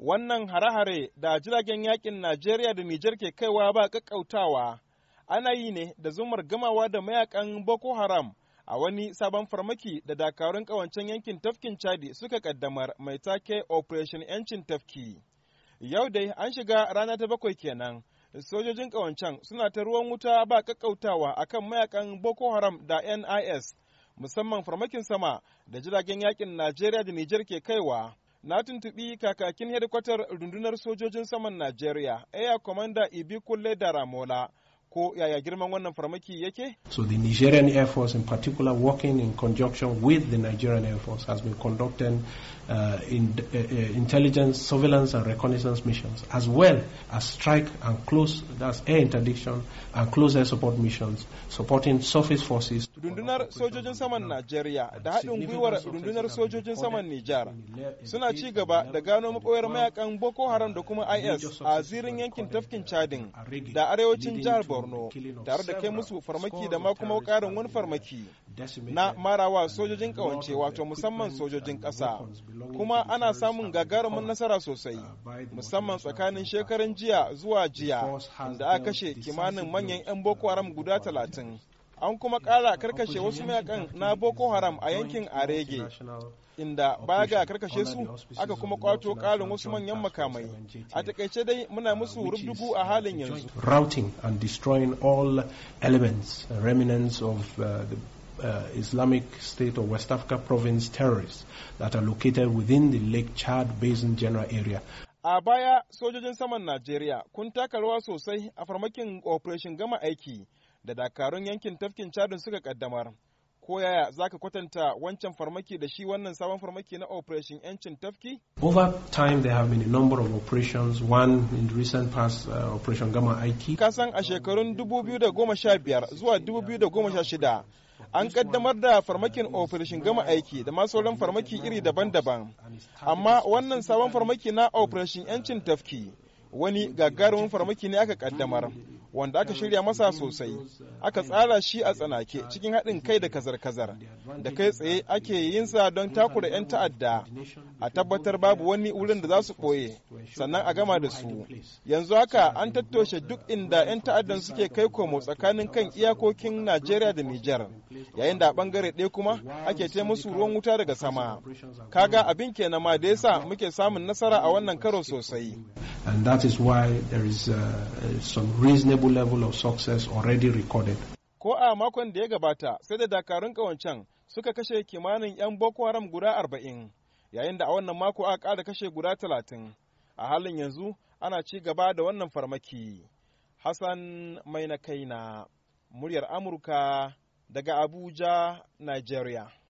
wannan hare-hare da jiragen yakin Najeriya da Nijar ke kaiwa ba kakkautawa ana yi ne da zumar gamawa da mayakan Boko Haram a wani sabon farmaki da dakarun kawancen yankin tafkin Chadi suka kaddamar mai take Operation Yancin Tafki. Yau dai an shiga rana ta bakwai kenan. Sojojin kawancen suna ta ruwan wuta ba kakkautawa kan mayakan Boko Haram da NIS musamman farmakin sama da jiragen yakin Najeriya da Nijar ke kaiwa. na tuntuɓi kakakin hedikwatar rundunar sojojin saman Najeriya, Air Commander Ibi Kulle da Ramola, ko yaya girman wannan farmaki yake? So the Nigerian Air Force in particular working in conjunction with the Nigerian Air Force has been conducting uh, in, uh, intelligence, surveillance and reconnaissance missions as well as strike and close, that's air interdiction and close air support missions supporting surface forces. dundunar sojojin saman Najeriya da haɗin gwiwar dundunar sojojin saman Nijar suna ci gaba da gano makoyar mayakan Boko Haram da kuma IS a zirin yankin tafkin Chadin da arewacin jihar borno tare da kai musu farmaki da ma kuma karin wani farmaki na marawa sojojin kawance wato musamman sojojin ƙasa kuma ana samun gagarumin nasara sosai uh, musamman tsakanin shekaran jiya zuwa jiya da aka kashe kimanin manyan 'yan boko haram guda talatin an kuma kara karkashe wasu mayakan na boko haram a yankin arege inda baya ga karkashe su aka kuma kwato karin wasu manyan makamai a takaice dai muna musu rubdugu a halin yanzu routing and destroying all elements uh, remnants of uh, the Uh, Islamic State of West Africa province terrorists that are located within the Lake Chad Basin general area. A baya sojojin saman Najeriya kun taka rawa sosai a farmakin Operation Gama Aiki da dakarun yankin tafkin chadin suka kaddamar ko yaya za ka kwatanta wancan farmaki da shi wannan sabon farmaki na operation yancin tafki? over time there have been a number of operations one in the recent past uh, operation gama aiki kasan a shekarun 2015 zuwa 2016 an kaddamar da farmakin operation gama aiki da ma sauran farmaki iri daban-daban amma wannan sabon farmaki na operation yancin tafki wani gagarumin farmaki ne aka kaddamar wanda aka shirya masa sosai aka tsara shi a tsanake cikin haɗin kai da kazar-kazar da kai tsaye ake yinsa don takura 'yan ta'adda a tabbatar babu wani wurin da za su ɓoye sannan a gama da su yanzu haka an tattoshe duk inda 'yan ta'addan suke kai komo tsakanin kan iyakokin najeriya da nijar yayin da a ɓangare ɗaya kuma ake ce musu ruwan wuta daga sama kaga abin kenan ma da yasa muke samun nasara a wannan karo sosai uh, ko a makon da ya gabata sai da dakarun kawancan suka kashe kimanin 'yan boko haram guda arba'in yayin da a wannan mako aka ƙara kashe guda talatin a halin yanzu ana ci gaba da wannan farmaki hassan mai na kaina muryar amurka daga abuja nigeria